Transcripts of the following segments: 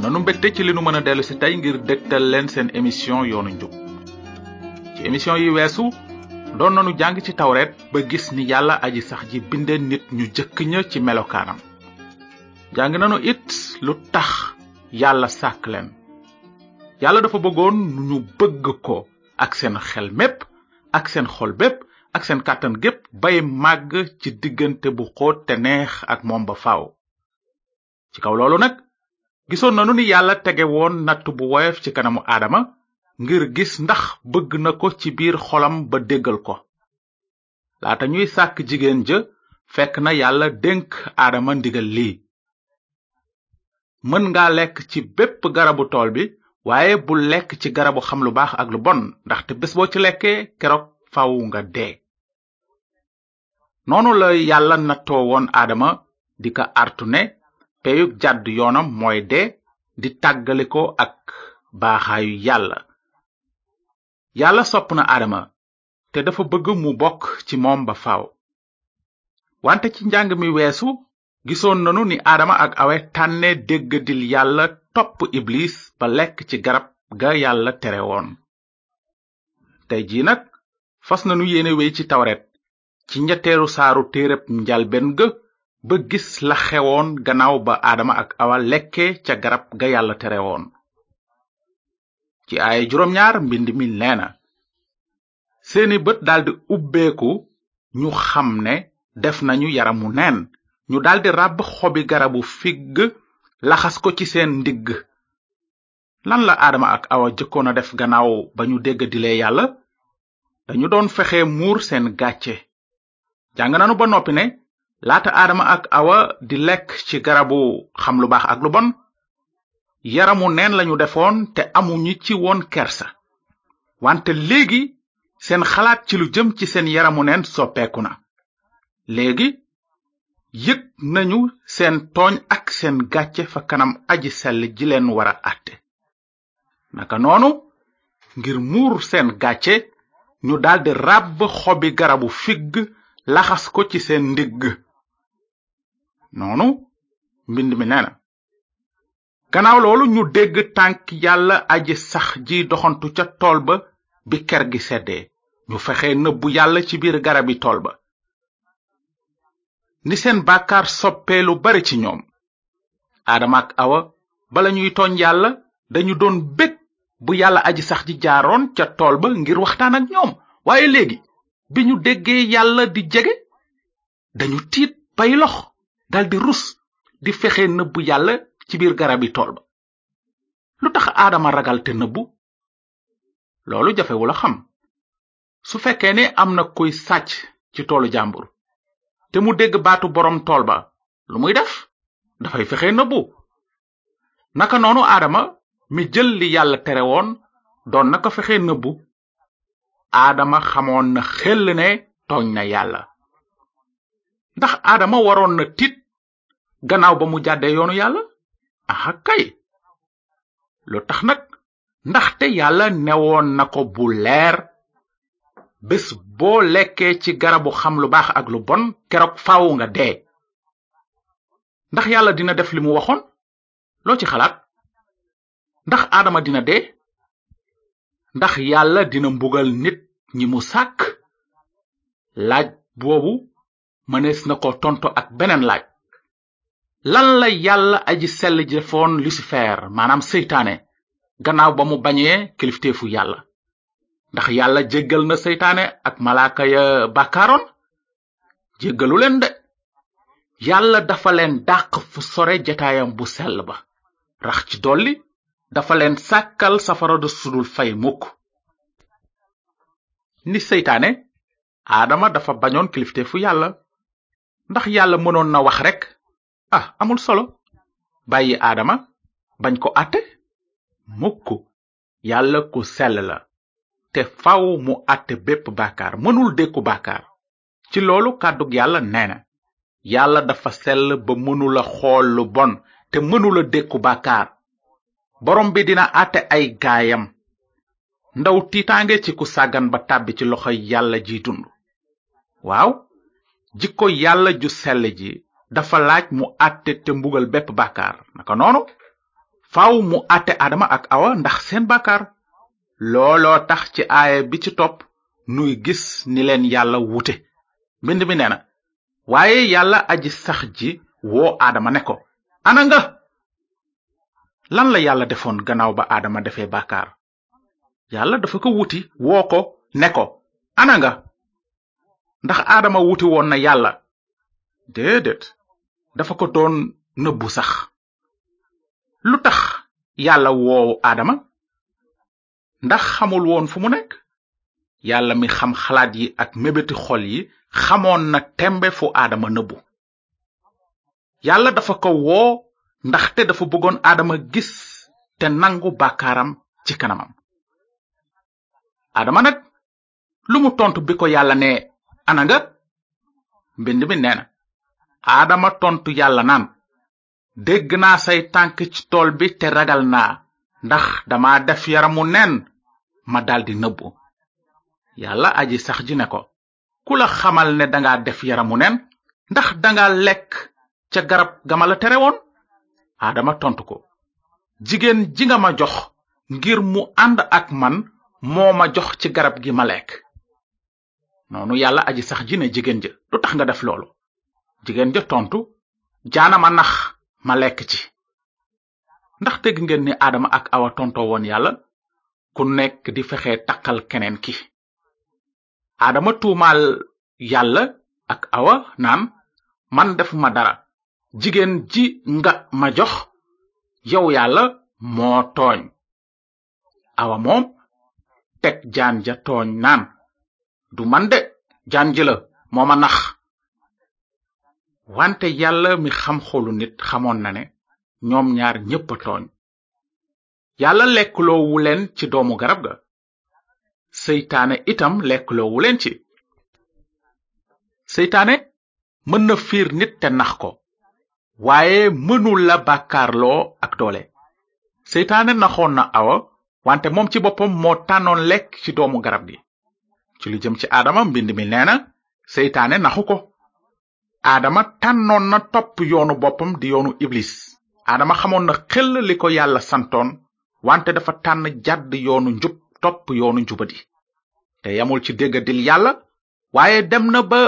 nanu mbégte ci li nu mën a dellu si tey ngir dégtal leen seen émission yoonu njub ci émission yi weesu doon nanu jàng ci tawret ba gis ni yàlla aji sax ji binde nit ñu jëkk ña ci melokaanam jàng nanu it lu tax yàlla sàkk leen yàlla dafa bëggoon ñu bëgg ko ak seen xel mépp ak seen xol bépp ak seen kàttan gépp bay màgg ci diggante bu xóot te neex ak moom ba faaw ci kaw loolu nag gisoon nanu ni yàlla tege woon nattu bu woyof ci kanamu aadama ngir gis ndax bëgg na ko ci biir xolam ba déggal ko laata ñuy sàkk jigéen ja fekk na yàlla dénk aadama ndigal lii mën nga lekk ci bépp garabu tool bi waaye bu lekk ci garabu xam lu baax ak lu bon ndaxte bés boo ci lekkee keroog faw nga dee noonu la yàlla nattoo woon aadama di ko artu ne peyug jàdd yoonam mooy de di tàggaliko ak baaxaayu yàlla yàlla sopp na adama te dafa bëgg mu bokk ci moom ba faaw wante ci njàng mi weesu gisoon nanu ni adama ak awe tànne déggadil yàlla topp iblis ba lekk ci garab ga yàlla tere woon tey jii nag fas nanu yéene wey ci tawret ci ñetteelu saaru téereb njalben ga ba gis la xewoon gannaaw ba aadama ak awa lekke ca garab ga yàlla tere woon ci ay juróom ñaar mbind mi neena seeni bët daldi ubbeeku ñu xam ne def nañu yaramu neen ñu daldi ràbb xobi garabu figg laxas ko ci seen ndigg lan la aadama ak awa jëkkoon a def gannaaw ba ñu dégg dile yàlla dañu doon fexe muur seen gàcce jàng nanu ba noppi ne laata aadama ak awa di lekk ci garabu xam lu baax ak lu bon yaramu neen lañu defoon te amuñu ci woon kersa wante léegi seen xalaat ci lu jëm ci seen yaramu neen soppeeku na léegi yëg nañu seen tooñ ak seen gàcce fa kanam aji sell ji leen war a àtte naka noonu ngir muur seen gàcce ñu daldi ràbb xobi garabu figg laxas ko ci seen ndigg noonu mbind mi nee na gannaaw loolu ñu dégg tànk yàlla aji sax ji doxantu ca tool ba bi ker gi seddee ñu fexe nëbbu yàlla ci biir garabi tool ba ni seen bàkkaar soppee lu bari ci ñoom aadama awa bala ñuy tooñ yàlla dañu doon bég bu yàlla aji sax ji jaaroon ca tool ba ngir waxtaan ak ñoom waaye léegi bi ñu déggee yàlla di jege dañu tiit bay lox daldi rus di fexe nëbbu yàlla ci biir garabi tool ba lu tax aadama ragal te nëbbu loolu jafewul a xam su fekkee ne am na koy sàcc ci toolu jàmbur te mu dégg baatu boroom tool ba lu muy def dafay fexe nëbbu naka noonu aadama mi jël li yàlla tere woon doon na fexe nëbbu aadama xamoon na xel ne tooñ na yàlla ndax aadama waroon na tiit gannaaw ba mu jàddee yoonu yàlla aha kay lu tax nag ndaxte yàlla newoon na ko bu leer bés boo lekkee ci garabu xam lu baax ak lu bon keroog faaw nga dee ndax yàlla dina def li mu waxoon loo ci xalaat ndax aadama dina dee ndax yàlla dina mbugal nit ñi mu sàkk laaj boobu mënees na ko tonto ak beneen laaj lan la yàlla aji sell ji defoon lucifer maanaam seytaane gannaaw ba mu bañee kilifteefu yàlla ndax yàlla jéggal na seytaane ak malaaka ya bàkkaaroon jéggalu leen de yàlla dafa leen dàq fu sore jataayam bu sell ba rax ci dolli dafa leen sàkkal safara du sudul fay mukk ni seytaane adama dafa bañoon kilifteefu yàlla ndax yàlla mënoon na wax rekk ah amul solo bàyyi aadama bañ ko àtte mukk yàlla ku sell la te faw mu àtte bépp bàkkaar mënul dékku bàkkaar ci loolu kàddug yàlla nee yàlla dafa sell ba mënula xool bon te mënula dékku bàkkaar borom bi dina àtte ay gaayam ndaw tiitaange ci ku sàggan ba tàbbi ci loxo yàlla ji dund waaw jikko yàlla ju sell ji dafa laaj mu àtte te mbugal bépp bàkkaar naka noonu faaw mu àtte adama ak awa ndax seen bàkkaar looloo tax ci aaya bi ci topp nuy gis ni leen yàlla wute mbind mi nee na waaye yàlla aji sax ji woo aadama ne ko ana nga lan la yàlla defoon gannaaw ba aadama defee bàkkaar yàlla dafa ko wuti woo ko ne ko ana ndax aadama wuti woon na yàlla déedéet dafa ko doon nëbbu sax lu tax yàlla woowu aadama ndax xamul woon fu mu nekk yàlla mi xam xalaat yi ak mébéti xool yi xamoon na tembe fu aadama nëbbu yàlla dafa ko woo ndaxte dafa bëggoon aadama gis te nangu bàkkaaram ci kanamam aadama nag lu mu tontu bi ko yàlla ne ana mbind mi nee aadama tontu yàlla naan dégg naa say tànk ci tool bi te ragal naa ndax dama def yaramu nen ma dal di nëbbu yàlla aji sax ji ne ko ku la xamal ne danga def yaramu nen ndax danga lekk ca garab gamala la tere woon aadama tontu ko jigéen ji nga ma jox ngir mu ànd ak man moo ma jox ci garab gi ma lekk noonu yàlla aji sax ji ne jigéen ja lu tax nga def loolu jigéen ja tontu jaana ma nax ma lekk ci ndax dégg ngeen ni adama ak awa tontoo woon yàlla ku nekk di fexe takkal keneen ki aadama tuumaal yàlla ak awa naan man ma dara jigéen ji nga ma jox yow yàlla moo tooñ awa moom teg jaan ja tooñ naan du man de jaan ji la moo nax wante yàlla mi xam xolu nit xamoon na ne ñoom ñaar ñépp a tooñ yàlla lekkloowu leen ci doomu garab ga seytaane itam lekkloowu leen ci seytaane mën na fiir nit te nax ko waaye mënul la bàkkaarloo ak doole seytaane naxoon na awa wante moom ci boppam moo tànnoon lekk ci doomu garab gi ci lu jëm ci aadama mbind mi nee na seytaane naxu ko aadama tànnoon na topp yoonu boppam di yoonu iblis aadama xamoon na xel li ko yàlla santoon wante dafa tànn jàdd yoonu njub topp yoonu njubadi te yamul ci déggadil yàlla waaye dem na ba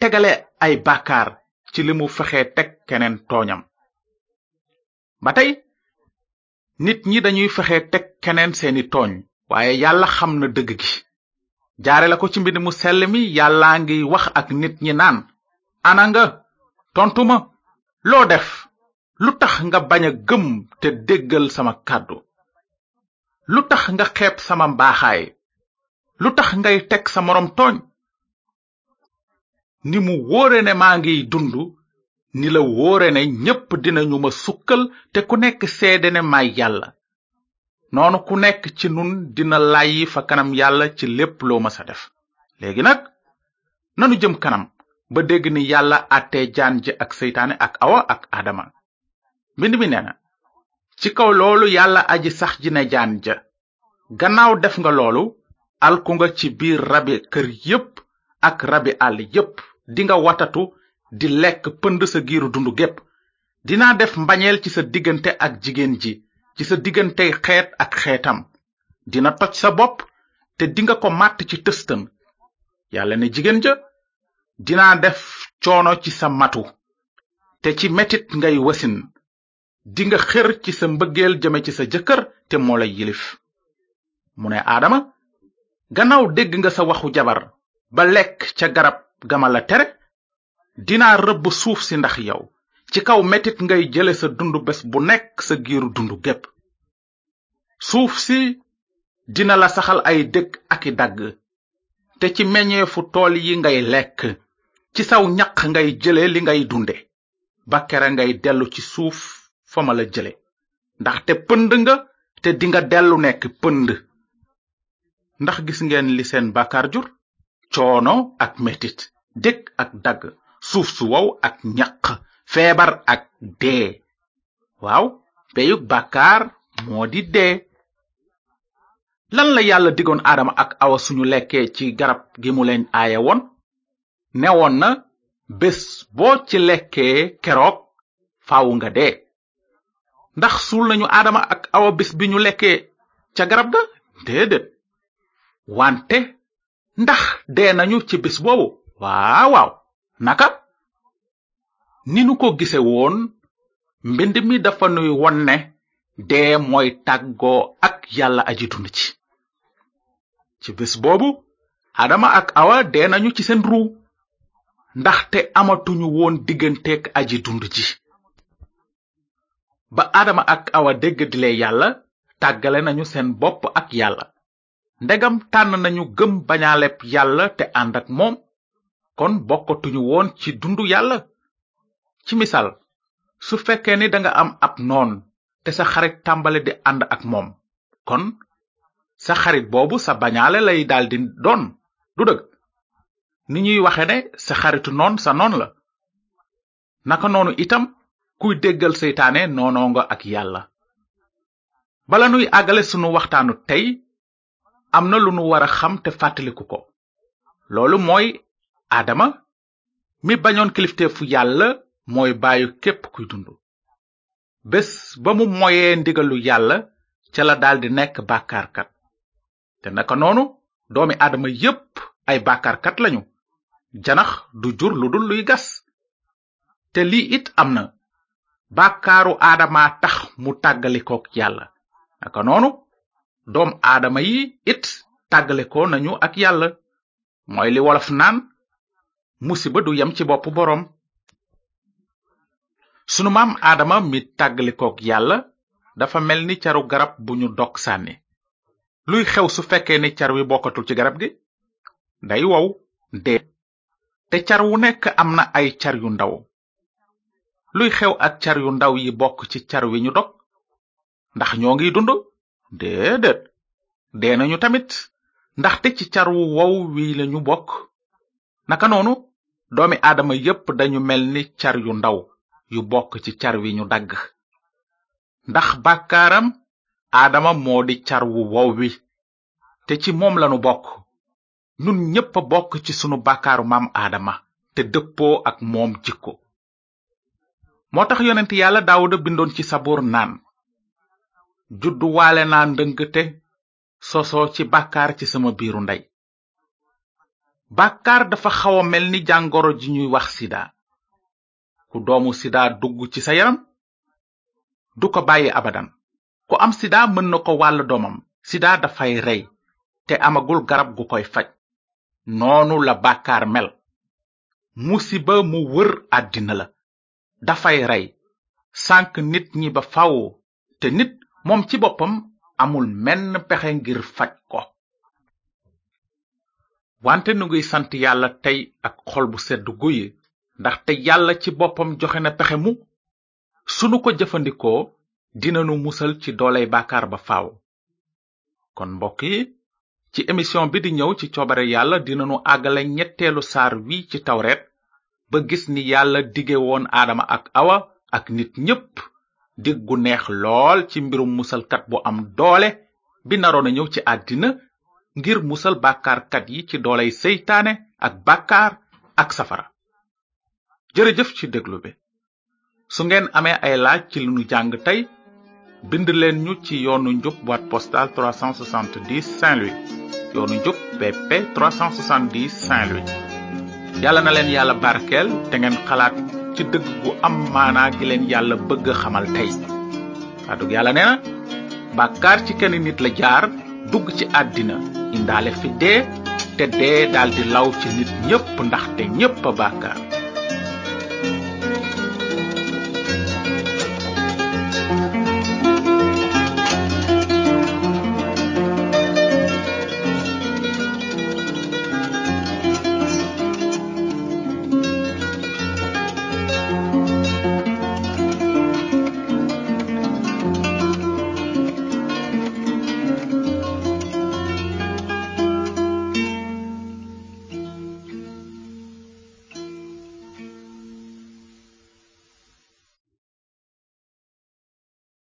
tegale ay bàkkaar ci li mu fexe teg keneen tooñam ba tey nit ñi dañuy fexe teg keneen seeni tooñ waaye yàlla xam na dëgg gi jaare ko ci mbind mu sell mi yàllaa ngi wax ak nit ñi naan ana nga tontu ma loo def lu tax nga bañ a gëm te déggal sama kàddu lu tax nga xeeb sama mbaaxaay lu tax ngay teg sa morom tooñ ni mu wóore ne maa ngiy dund ni la wóore ne ñépp dinañu ma sukkal te ku nekk seede ne may yàlla noonu ku nekk ci nun dina layyi fa kanam yàlla ci lépp loo ma sa def léegi nag nanu jëm kanam ba dégg ni yàlla àttee jaan ji ak seytaane ak awa ak adama mbind ci kaw loolu yàlla aji sax ji ne jaan ja gannaaw def nga loolu alku nga ci biir rabi kër yépp ak rabi àll yépp dinga watatu di lekk pënd sa giiru dund gépp dinaa def mbañeel ci sa diggante ak jigéen ji ci sa diggante xeet ak xeetam dina toj sa bopp te dinga ko màtt ci tëstan yàlla ne jigéen ja dinaa def coono ci sa matu te ci metit ngay wasin dinga xër ci sa mbëggeel jëme ci sa jëkkër te moo lay yilif mu ne aadama gannaaw dégg nga sa waxu jabar ba lekk ca garab gamala tere dinaa rëbb suuf si ndax yow ci kaw metit ngay jële sa dund bés bu nekk sa giiru dund gépp suuf si dina la saxal ay dëkk ak i dagg te ci meññeefu tool yi ngay lekk ci saw ñaq ngay jële li ngay dunde ba kere ngay dellu ci suuf fa la jële ndaxte pënd nga te dinga dellu nekk pënd ndax gis ngeen li seen bàkkaar jur coono ak metit dëkk ak dagg suuf su wow ak ñaq feebar ak dee waaw peyug bàkkaar moo di dee lan la yàlla digoon aadama ak awa suñu lekkee ci garab gi mu leen aaye woon newoon na bés boo ci lekkee keroog faawu nga dee ndax suul nañu aadama ak awa bis bi ñu lekkee ca garab ga déedéet wante ndax dee nañu ci bis boobu waaw waaw naka ni nu ko gise woon mbind mi dafa nuy won ne dee mooy tàggoo ak yàlla aji dund ci ci bés boobu adama ak awa dee nañu ci seen ruu ndaxte amatuñu woon digganteeg aji dund ji ba adama ak awa déggadile yàlla tàggale nañu seen bopp ak yàlla ndegam tànn nañu gëm bañaaleb yàlla te ànd ak moom kon bokkatuñu woon ci dundu yàlla ci misaal su fekkee ni danga am ab noon te sa xarit tàmbale di ànd ak moom kon sa xarit boobu sa bañaale lay daldi doon du dëgg ni ñuy waxe ne sa xaritu noon sa noon la naka noonu itam kuy déggal seytaane noonoo ak yàlla bala nuy àggale sunu waxtaanu tey am na lu nu war a xam te fàttaliku ko loolu mooy aadama mi bañoon kilifteefu yàlla mooy baayu képp kuy dund bés ba mu moyee ndigalu yàlla ca la daldi nekk bàkkaarkat te naka noonu doomi adama yépp ay bàkkaarkat lañu janax du jur lu dul luy gas te lii it am na bàkkaaru aadama tax mu tàggalikook yàlla naka noonu doom aadama yi it tàggalikoo nañu ak yàlla mooy li wolof naan musiba du yem ci boppu boroom sunu maam aadama mi tàggalikook yàlla dafa mel ni caru garab bu ñu dog sànni luy xew su fekkee ni car wi bokkatul ci garab gi day wow dee te car wu nekk am na ay car yu ndaw luy xew ak car yu ndaw yi bokk ci car wi ñu dog ndax ñoo ngi dund déedéet dee nañu tamit ndaxte ci car wu wow wi lañu bokk naka noonu doomi aadama yépp dañu mel ni car yu ndaw yu bokk ci car wi ñu dagg ndax bàkkaaram aadama moo di car wu wow wi te ci moom lanu bokk nun ñépp a bokk ci sunu bàkkaaru maam aadama te dëppoo ak moom jikko moo tax yonent yàlla daawuda bindoon ci sabuur naan juddu waale naa ndëngte sosoo ci bàkkaar ci sama biiru ndey bàkkaar dafa xaw a mel ni jàngoro ji ñuy wax sida ku doomu sida dugg ci sa yaram du ko bàyyi abadan ku am sida mën na ko wàll doomam sida dafay rey te amagul garab gu koy faj noonu la bàkkaar mel musiba mu wër àddina la dafay rey sànk nit ñi ba faw te nit moom ci boppam amul menn pexe ngir faj ko wante nu ngiy sant yàlla tey ak xol bu sedd guy ndaxte yàlla ci boppam joxe na pexe mu sunu ko jëfandikoo dina nu musal ci dooley bàkkaar ba faaw kon mbokk ci émission bi di ñëw ci coobare yàlla dinanu àggale ñetteelu saar wi ci tawret ba gis ni yàlla digge woon aadama ak awa ak nit ñépp dig gu neex lool ci mbirum musalkat bu am doole bi naroon a ñëw ci àddina ngir musal bàkkaarkat yi ci dooley seytaane ak bàkkaar ak safara jërëjëf ci déglu bi su ngeen amee ay laaj ci li nu jàng tey bind leen ñu ci yoonu njub boîte postale 370 Saint-Louis yoonu njub BP 370 Saint-Louis yàlla na leen yàlla barkeel te ngeen xalaat ci dëgg gu am maanaa gi leen yàlla bëgg xamal tey kàddug yàlla nee na bàkkaar ci kenn nit la jaar dugg ci àddina indaale fi dee te dee daldi law ci nit ñépp ndaxte ñépp a bàkkaar